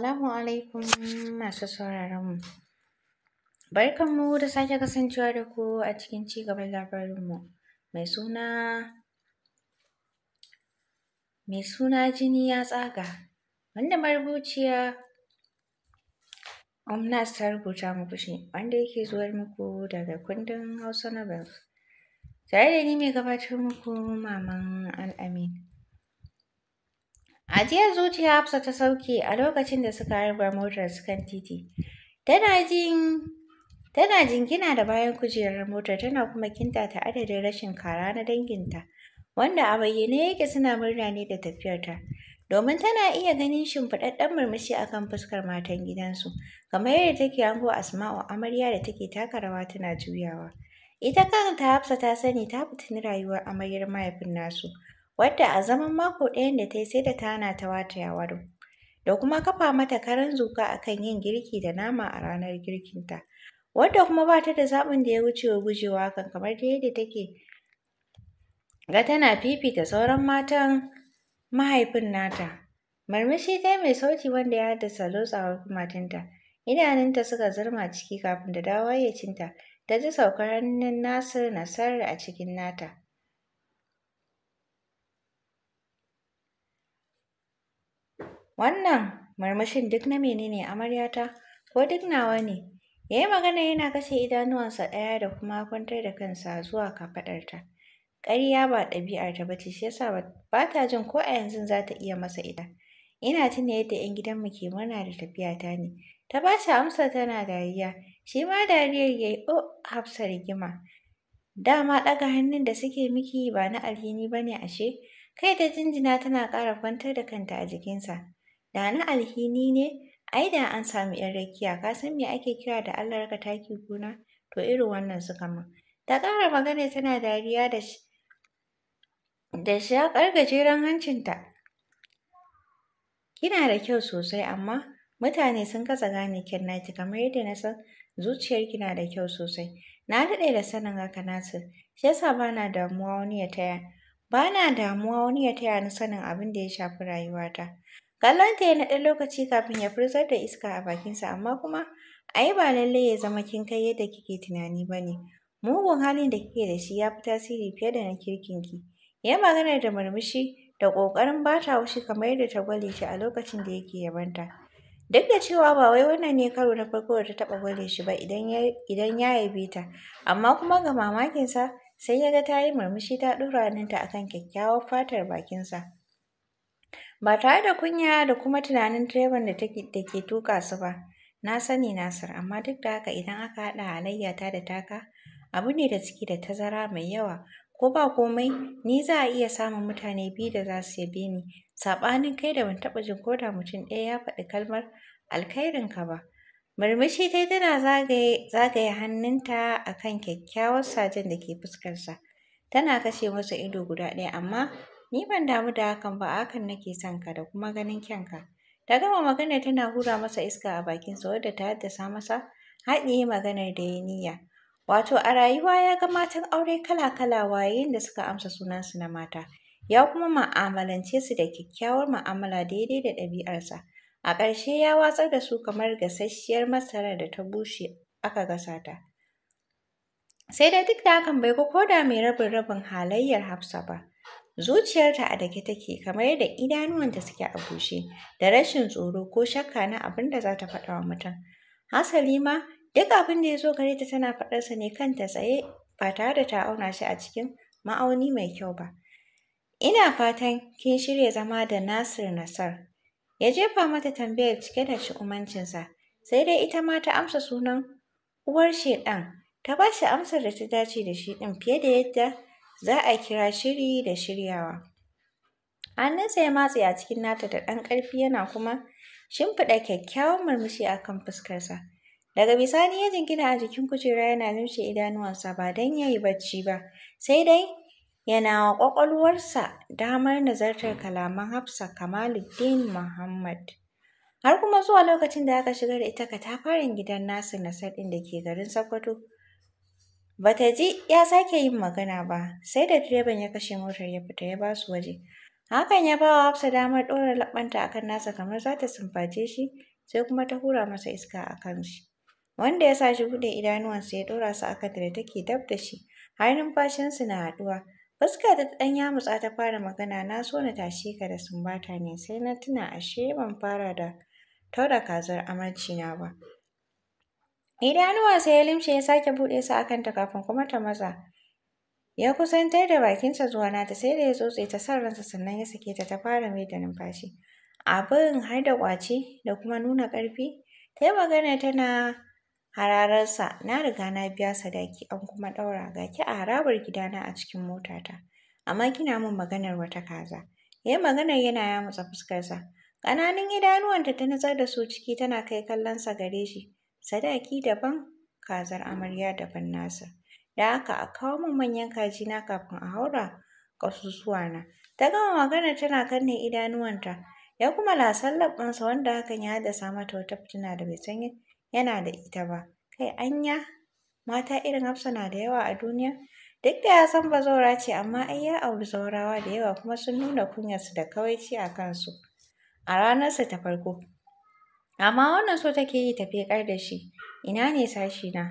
Assalamu alaikum masu sauraron mu. Barkan mu da sake kasancewa da ku a cikin ci gaban labarin mu mai suna mai suna jini ya tsaga wanda marubuciya Omnat ta rubuta muku shi wanda yake zuwar muku daga kundin Hausa Novels. Tare da ni mai gabatar muku Maman Al'amin. Ajiyar zuciya Hafsa ta sauke a lokacin da suka harba motar su kan titi. Tana jin jingina da bayan kujerar motar tana kuma ta adadin rashin kara na danginta wanda a bayyane yake suna murna ne da tafiyarta. Domin tana iya ganin shimfiɗaɗɗen murmushi a kan fuskar matan gidansu, kamar yadda take hango Asma'u amarya da take taka rawa tana juyawa. Ita kanta Hafsa ta sani ta fitini rayuwar amaryar mahaifin nasu. wadda a zaman mako ɗayan da ta yi sai da ta hana ta wata yawaro da kuma kafa mata karan zuka akan yin girki da nama a ranar girkinta wadda kuma ba ta da zaɓin da ya wuce wa gujewa hakan kamar da yadda take ga tana fifita sauran matan mahaifin nata murmushi dai mai sauti wanda ya haddasa lotsawar matinta idanunta suka zurma ciki kafin da dawo cinta, ta ji saukar hannun nasir nasar a cikin nata Wannan marmashin duk na menene amaryata ko duk nawa ne? Ya yi magana yana kashe idanuwansa ɗaya da kuma kwantar da kansa zuwa kafaɗarta. Ƙarya ba ɗabi'arta ba ce shi yasa ba ta jin ko a yanzu za ta iya masa ita. Ina tuna yadda 'yan gidanmu ke murna da tafiyata ne. Ta ba shi amsa tana dariya. Shi ma dariyar ya yi o oh, hafsa rigima. Dama ɗaga hannun da suke miki ba na alhini ba ne ashe? Kai ta jinjina tana ƙara kwantar da kanta a jikinsa. Da na alhini ne, ai da an samu ‘yan rakiya, ka san me ake kira da Allah raka taki gona? To irin wannan suka min. Ta ƙara magana tana dariya da da shaƙar gajeren hancinta. Kina da kyau sosai amma mutane sun kasa gane kin naki kamar yadda na san zuciyar kina da kyau sosai. Na daɗe da sanin haka nasu shi yasa ba na damuwa wani ya taya. Ba na damuwa wani ya taya ni sanin abin da ya shafi rayuwata. Kallon ta ya ɗan lokaci kafin ya furzar da iska a bakinsa amma kuma ai ba lallai ya zama kin kai yadda kike tunani ba ne. Mugun halin da kike da shi ya fi tasiri fiye da na kirkin ki. Ya magana da murmushi da ƙoƙarin ba ta haushi kamar yadda ta gwale shi a lokacin da yake yabanta Duk da cewa ba wai wannan ne karo na farko da ta taɓa gwale shi ba idan ya yabe ta, amma kuma ga mamakinsa sai ya ga ta yi murmushi ta ɗora hannunta a kan kyakkyawar fatar bakinsa. ba tare da kunya da kuma tunanin direban da ke tuƙa su ba. Na sani Nasir, amma duk da haka idan aka haɗa halayyata da taka, abu ne da ciki da tazara mai yawa. Ko ba komai, ni za a iya samun mutane biyu da za su yabe ni, saɓanin kai da ban taɓa jin ko mutum ɗaya ya faɗi kalmar alkhairinka ba. Murmushi dai tana zagaye hannunta a kan kyakkyawar sajen da ke fuskarsa. Tana kashe masa ido guda ɗaya, amma Ni ban damu da hakan ba, a hakan nake son ka da kuma ganin kyanka. Ta gama magana tana hura masa iska a bakin bakinsa wadda ta haddasa masa haɗiye maganar da ya niyya. Wato a rayuwa ya ga matan aure kala-kala wayayin da suka amsa sunansu na mata, ya kuma ma'amalance su da kyakkyawar ma'amala daidai da ɗabi'arsa. A ƙarshe ya watsar da su kamar gasasshiyar masarar da ta bushe aka gasa ta. Sai dai duk da hakan bai ga ko da mai rabin rabin halayyar Hafsa ba. Zuciyarta a dake take kamar yadda idanuwanta suke a bushe da rashin tsoro ko shakka na abin da za ta faɗa wa mutum. Hasali ma duk abin da ya zo gare ta tana faɗarsa ne kanta tsaye ba tare da ta auna shi a cikin ma'auni mai kyau ba. Ina fatan kin shirya zama da Nasir Nasar. Ya jefa mata tambayar cike da umancinsa sai dai ita ma ta amsa sunan uwar shedan. Ta ba shi amsar da ta dace da shi ɗin fiye da yadda za a kira shiri da shiryawa. An Hannunsa ya matse a cikin nata da ɗan ƙarfi yana kuma shimfiɗa kyakkyawan murmushi a kan fuskarsa. Daga bisani ya jingina a jikin kujera yana numshe idanuwansa ba don ya yi bacci ba, sai dai yana wa ƙwaƙwalwarsa damar nazartar kalaman Hafsa Kamaluddin Muhammad. Har kuma zuwa lokacin da aka shigar da ita katafaren gidan nasu na ɗin da ke garin Sokoto. Ba ta ji ya sake yin magana ba, sai da direban ya kashe motar ya fita ya ba su waje. Hakan ya ba wa Hafsa damar ɗora laɓanta a kan nasa kamar za ta sumbace shi, sai kuma ta hura masa iska a kan shi. Wanda ya sa shi buɗe idanuwansa ya ɗora su akan da take dab da shi, har numfashinsu na haɗuwa. Fuska ta ɗan yamutsa ta fara magana na so na tashe ka da sumbata ne sai na tuna ashe ban fara da taura kazar amarci na ba. Idanuwa sai ya limshe ya sake bude su akan ta kafin kuma ta maza. Ya kusantar da bakinsa zuwa nata sai da ya tsotse ta san ransa sannan ya sake ta ta fara mai da numfashi. Abin har da kwace da kuma nuna karfi. Ta yi magana tana hararsa na riga na biya sadaki an kuma ɗaura ga ki a harabar gidana a cikin motata. Amma kina min maganar wata kaza. Ya yi maganar yana yamutsa fuskarsa. ƙananan idanuwanta ta nutsar da su ciki tana kai kallonsa gare shi. sadaki daban kazar amarya daban nasa da haka a kawo min manyan kaji na kafin a haura ƙasusuwana ta gama magana tana kanne idanuwanta ya kuma lasan labbansa wanda hakan ya haddasa mata wata fitina da bai san yana da ita ba kai anya mata irin hafsa na da yawa a duniya duk da ya san bazaura ce amma ai ya auri zaurawa da yawa kuma sun nuna kunyarsu da kawaici a kansu a ranarsa ta farko amma wannan so take yi ta feƙar da shi ina ne sashi na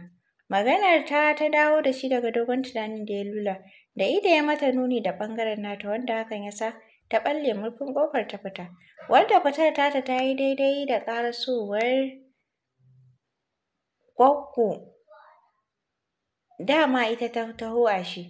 maganar ta ta dawo da shi daga dogon tunanin da ya lula da ida ya mata nuni da ɓangaren nata wanda hakan ya sa ta ɓalle murfin ƙofar ta fita wanda fitar tata ta yi daidai da ƙarasowar gwaggo dama ita ta taho a shi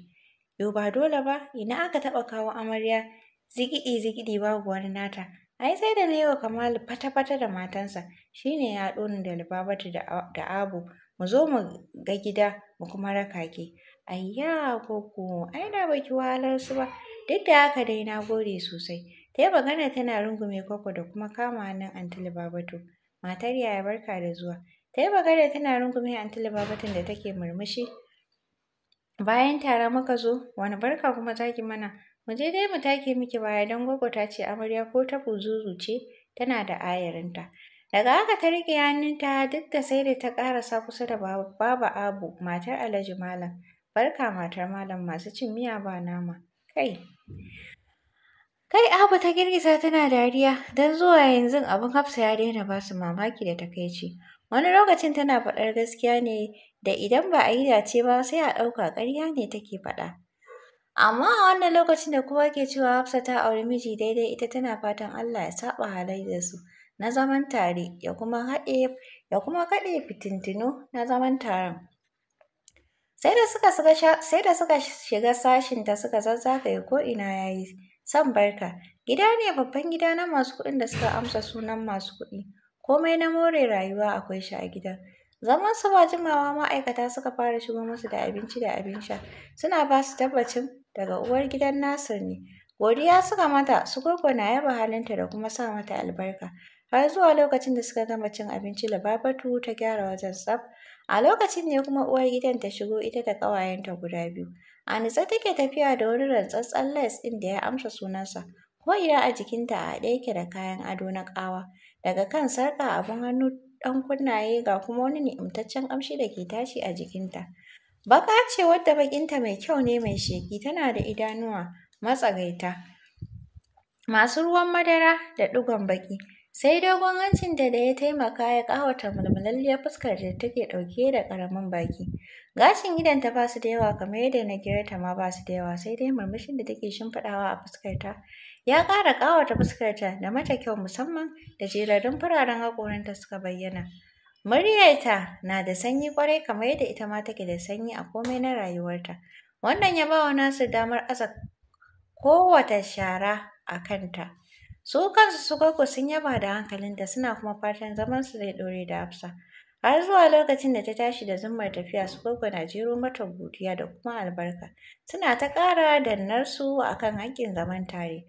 yau ba dole ba ina aka taɓa kawo amarya zigidi zigidi babu wani nata Ai sai da Lewa Kamalu fata-fata da matansa shi ne ya ɗoni da Lubabatu da Abu mu zo mu ga gida mu kuma raka ke. Ayya koko ai da baki wahalar su ba duk da haka dai na gode sosai. Ta yi magana tana rungume koko da kuma kama hannun Anti Lubabatu. Matar yaya barka da zuwa. Ta yi magana tana rungume Anti Lubabatun da take murmushi. Bayan tara muka zo wani barka kuma zaki mana. Mu je dai mu take miki baya don gwaggo ta ce amarya ko ta buzuzu ce tana da ayarinta. Daga haka ta riƙe hannunta duk da sai da ta ƙarasa kusa da Baba Abu, matar Alhaji Malam. Barka matar Malam masu cin miya ba nama. Kai. Kai Abu ta girgiza tana dariya don zuwa yanzu abin Hafsa ya daina ba su mamaki da takaici. Wani lokacin tana faɗar gaskiya ne da idan ba a yi dace ba sai a ɗauka ƙarya ne take faɗa. Amma a wannan lokacin da kowa ke cewa Hafsa ta auri miji daidai ita tana fatan Allah ya saba halayyar su na zaman tare ya kuma haɗe ya kuma kaɗe fitintinu na zaman taron. Sai da suka shiga sashin ta suka zazzagaye ko ina yayi san barka. Gida ne babban gida na masu kuɗin da suka amsa sunan masu kuɗi. Komai na more rayuwa akwai shi a gidan. Zaman su ba jimawa ma'aikata suka fara shigo musu da abinci da abin sha. Suna ba su tabbacin daga uwar gidan Nasir ne. Godiya suka mata, su gurgu na yaba halinta da kuma sa mata albarka. Har zuwa lokacin da suka gama cin abinci Lababatu ta gyara wajen tsaf. A lokacin ne kuma uwar gidan ta shigo ita da ƙawayenta guda biyu. A nutse take tafiya da wani rantsatsen les ɗin da ya amsa sunansa. Ko ina a jikinta a haɗe yake da kayan ado na ƙawa. Daga kan sarƙa abin hannu ɗan kunnaye ga kuma wani ni'imtaccen ƙamshi da ke tashi a jikinta. Baƙa ce wadda baƙinta mai kyau ne mai sheki tana da idanuwa matsagaita masu ruwan madara da ɗigon baƙi. Sai dogon hancinta da ya taimaka ya ƙawata mulmulalliyar fuskar da take ɗauke da ƙaramin baki. Gashin idonta ba su da yawa kamar yadda na girarta ma ba su da yawa, sai dai murmushin da take shimfiɗawa a fuskarta ya ƙara ƙawata fuskarta da mata kyau musamman da jerarin fararen haƙoranta suka bayyana. Muryarta na da sanyi kwarai kamar yadda ita ma take da sanyi a komai na rayuwarta. Wannan ya ba wa nasu damar aza kowace shara a kanta. Su kansu su gwaggo sun yaba da hankalinta suna kuma fatan zaman su zai ɗore da Hafsa. Har zuwa lokacin da ta tashi da zummar tafiya su gwaggo na jero mata godiya da kuma albarka. Suna ta ƙara dannarsu a kan haƙƙin zaman tare.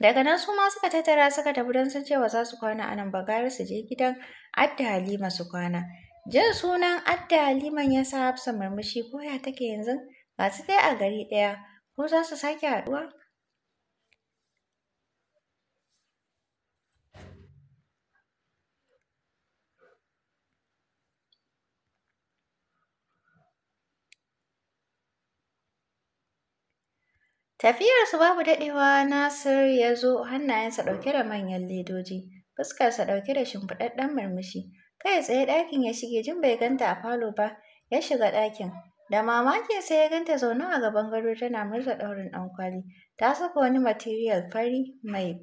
Daga nan su ma suka tattara suka tafi don sun cewa za su kwana a nan ba gara su je gidan Adda Halima su kwana. Jin sunan Adda Haliman ya sa Hafsa murmushi ko ya take yanzu? Ga su dai a gari ɗaya ko za su sake haɗuwa? Tafiyarsu babu daɗewa Nasir ya zo hannayensa ɗauke da manyan ledoji, fuskarsa ɗauke da shimfiɗaɗɗen murmushi. Kai tsaye ɗakin ya shige jin bai ganta a falo ba, ya shiga ɗakin. Da mamaki sai ya ganta zaune a gaban gado tana murza ɗaurin kwali. Ta saka wani material fari mai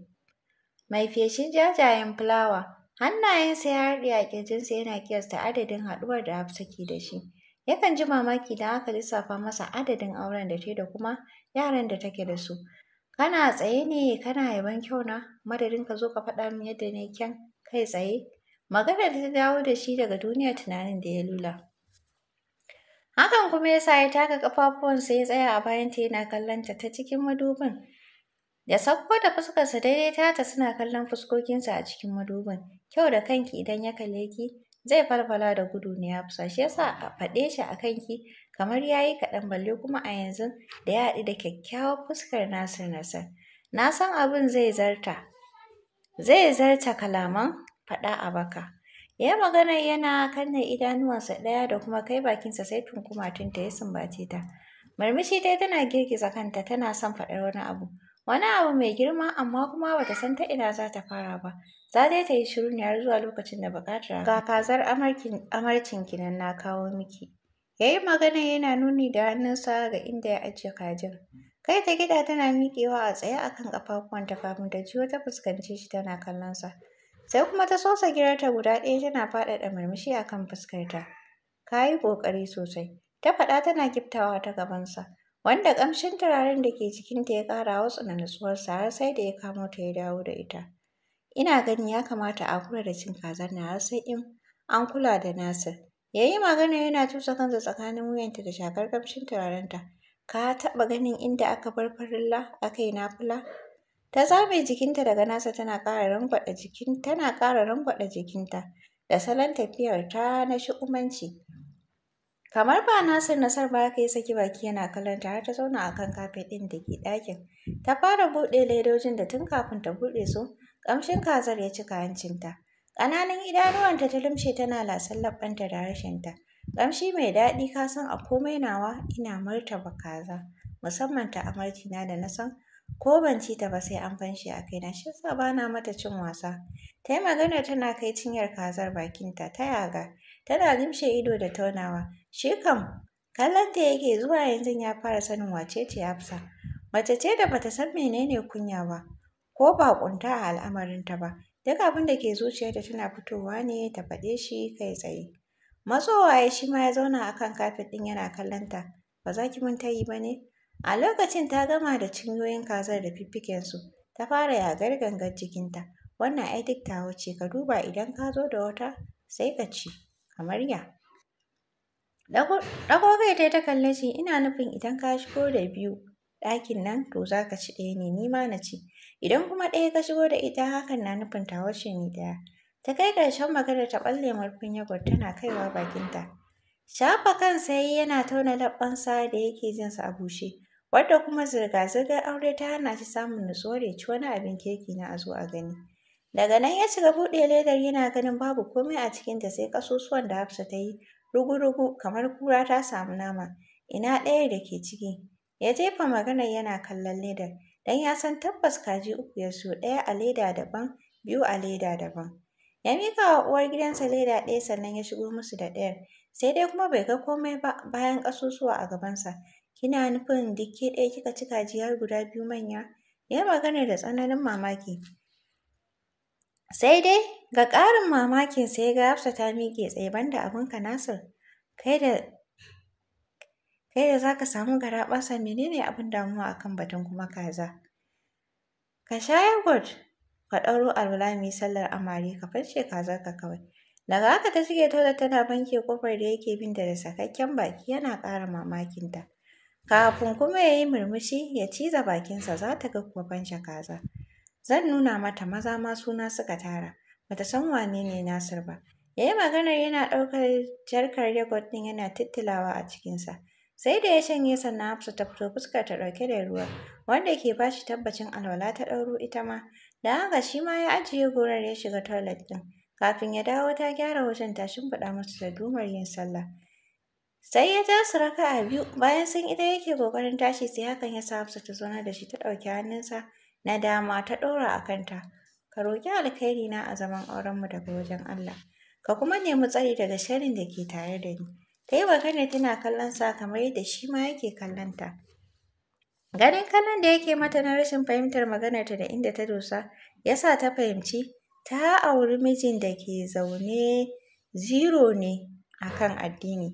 mai feshin jajayen fulawa. Hannayensa ya haɗe a ƙirjinsa yana kiyasta adadin haɗuwar da Hafsa ke da shi. Yakan ji mamaki da aka lissafa masa adadin auren da ta da kuma yaran da take da su. Kana tsaye ne kana yaban kyau na madadin ka zo ka faɗa min yadda na kyan kai tsaye. Maganar ta dawo da shi daga duniya tunanin da ya lula. Hakan kuma ya sa ya taka ƙafafuwansa ya tsaya a bayanta yana kallonta ta cikin madubin. Da sauko da fuskarsa daidai tata suna kallon fuskokinsa a cikin madubin. Kyau da kanki idan ya kalle ki zai falfala da gudu ne ya fusa shi yasa a faɗe shi a kanki kamar ya yi kaɗan balle kuma a yanzu da ya haɗu da kyakkyawar fuskar Nasir Nasir. Na san abin zai zarta, zai zarta kalaman faɗa a baka. Ya magana yana kanna idanuwansa ɗaya da kuma kai bakinsa sai tunta ya sumbace ta. Marmishi dai tana girgiza kanta tana son faɗar wani abu. Wani abu mai girma amma kuma bata san ta ina za ta fara ba. Za dai ta yi shiru ne har zuwa lokacin da buƙatar ga kazar amarcin kinan na kawo miki. Ya yi magana yana nuni da hannunsa ga inda ya ajiye kajin. Kai ta gida tana miƙewa a tsaye a kan ƙafafuwanta kafin ta jiyo ta fuskance shi tana kallon sa. Sai kuma ta sosa girarta guda ɗaya tana faɗaɗa murmushi a kan fuskarta. Ka yi ƙoƙari sosai. Ta faɗa tana giftawa ta gabansa. Wanda ƙamshin turaren da ke jikinta ya ƙara nutsuwar natsuwarsa har sai da ya kamo ta ya dawo da ita. Ina gani ya kamata a kula da cin kazan na, har sai in an kula da Nasir. Ya yi magana yana cusa kansa tsakanin wuyanta da shakar kamshin turarenta. Ka taɓa ganin inda aka bar farilla aka yi nafula? Ta zabe jikinta daga nasa tana ƙara rangwaɗa jikin tana ƙara rangwaɗa jikinta da salon tafiyar ta na shi'umanci. Kamar ba Nasir Nasar ba haka yi saki baki yana kallon har ta zauna a kan kafet ɗin da ke ɗakin. Ta fara buɗe ledojin da tun kafin ta buɗe su, ƙamshin kazar ya cika hancinta. Ƙananan idanuwan ta lumshe tana lasan labbanta da ta. Ƙamshi mai daɗi ka san a komai nawa ina martaba kaza, musamman ta na da na san ko ban ci ta ba sai an fanshi a kaina shi yasa ba na mata cin wasa. Ta yi magana tana kai cinyar kazar bakinta ta yaga, tana limshe ido da taunawa. Shi kam kallonta yake zuwa yanzu ya fara sanin wace ce Hafsa. Mace ce da bata san menene kunya ba ko baƙunta a al'amarinta ba. Duk abin da ke zuciyarta tana fitowa ne ta faɗe shi kai tsaye. Matsowa ya shi ma ya zauna a kan kafet ɗin yana kallonta. Ba za ki mun tayi ba ne? A lokacin ta gama da cinyoyin kazar da fiffikensu, ta fara yagar gangar jikinta. Wannan ai duk tawa ce, ka duba idan ka zo da wata sai ka ci, kamar ya. Ɗago kai ta kalle shi, ina nufin idan ka shigo da biyu ɗakin nan to za ka ci ɗaya ne ni ma na ci idan kuma ɗaya ka shigo da ita hakan na nufin ta wace ni ɗaya ta kai ƙarshen maganar ta ɓalle murfin yagwar tana kaiwa bakinta shafa kan sai yana tauna labbansa da yake jin sa a bushe wadda kuma zirga-zirgar aure ta hana shi samun nutsuwar ya ci wani abin kirki na a zo a gani daga nan ya shiga buɗe ledar yana ganin babu komai a cikinta sai ƙasusuwan da hafsa ta yi rugu-rugu kamar kura ta samu nama ina ɗaya da ke ciki Ya jefa maganar yana kallon ledar, don ya san tabbas kaji uku ya so, ɗaya a leda daban, biyu a leda daban. Ya mika wa uwar gidansa leda ɗaya sannan ya shigo musu da ɗayar, sai dai kuma bai ga komai ba bayan ƙasusuwa a gabansa. Kina nufin dikke ɗaya kika ci kaji har guda biyu manya? Ya yi maganar da tsananin mamaki. Sai dai ga ƙarin mamakin sai ga Hafsa ta miƙe tsaye banda abinka Nasir, kai da kai da za ka samu garaɓasa menene abin damuwa akan batun kuma kaza ka sha yogurt ka ɗauro alwala mai sallar amare ka farce kazar ka kawai daga haka ta shige toilet tana banke kofar da yake bin da sakakken baki yana ƙara mamakinta kafin kuma ya yi murmushi ya ciza bakinsa za ta ga kuwa banca kaza zan nuna mata maza ma suna suka tara bata san wane ne Nasir ba ya yi maganar yana ɗaukar jarkar yogurt ɗin yana tittilawa a cikinsa Sai da ya shanye sannan Hafsa ta fito fuskar ta ɗauke da ruwa wanda ke ba shi tabbacin alwala ta ɗauro ita ma. Da haka shi ma ya ajiye gorar ya shiga toilet ɗin. Kafin ya dawo ta gyara wajen ta shimfiɗa masa da dumar yin sallah. Sai ya ja su raka'a biyu bayan sun ita yake ƙoƙarin tashi sai hakan ya sa Hafsa ta zauna da shi ta ɗauki hannunsa na dama ta ɗora a kanta. Ka roƙi alkhairi na a zaman aurenmu daga wajen Allah. Ka kuma nemi tsari daga sharrin da ke tare da ni. ta yi magana tana kallon sa kamar yadda shi ma yake kallon ta. Ganin kallon da yake mata na rashin fahimtar maganarta da inda ta dosa ya sa ta fahimci ta auri mijin da ke zaune zero ne a kan addini.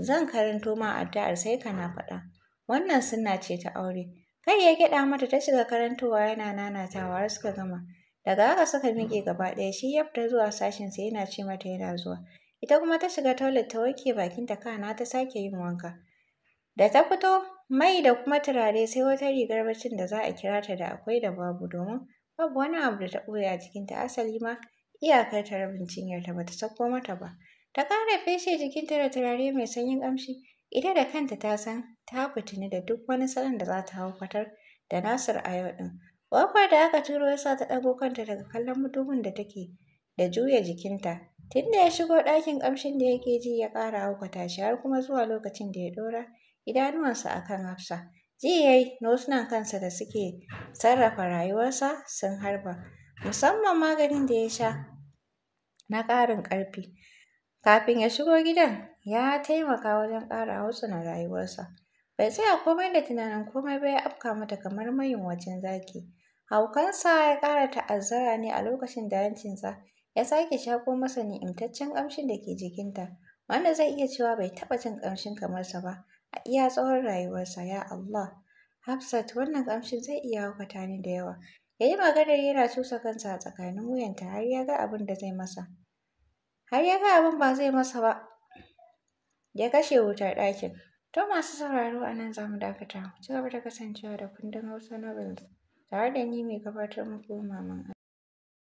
Zan karanto ma addu'ar sai kana faɗa. Wannan sunna ce ta aure. Kai ya gyaɗa mata ta shiga karantowa yana nanatawa har suka gama. Daga haka suka miƙe gaba ɗaya shi ya fita zuwa sashinsa yana ce mata yana zuwa. Ita kuma ta shiga toilet ta wanke ta kana ta sake yin wanka. Da ta fito mai da kuma turare sai wata rigar baccin da za a kira ta da akwai da babu domin babu wani abu da ta ɓoye a jikinta asali ma iyakar ta rabin ta bata sauko mata ba. Ta ƙara feshe jikinta da turare mai sanyin ƙamshi ita da kanta ta san ta fitini da duk wani salon da za ta hau fatar da Nasir a yau ɗin. Ƙofar da aka turo ya sa ta ɗago kanta daga kallon mutumin da take da juya jikinta Tun da ya shigo ɗakin ƙamshin da yake ji ya ƙara aukata shi har kuma zuwa lokacin da ya ɗora idanuwansa a kan Hafsa. Ji ya yi nosunan kansa da suke sarrafa rayuwarsa sun harba, musamman maganin da ya sha na ƙarin ƙarfi. Kafin ya shigo gidan ya taimaka wajen ƙara hautsina rayuwarsa. Bai tsaya komai da tunanin komai ba ya afka mata kamar mayunwacin zaki. Haukansa ya ƙara ta'azzara ne a lokacin da hancinsa ya sake shako masa ni'imtaccen ƙamshin da ke jikinta wanda zai iya cewa bai taɓa jin kamar sa ba a iya tsawon rayuwarsa ya Allah Hafsat wannan kamshin zai iya haukata ni da yawa ya yi maganar yana cusa kansa a tsakanin wuyanta har ya ga abin da zai masa har ya ga abin ba zai masa ba ya kashe wutar ɗakin to masu sauraro a nan za mu dakata ci gaba da kasancewa da kundin Hausa Novels tare da ni mai gabatar muku Maman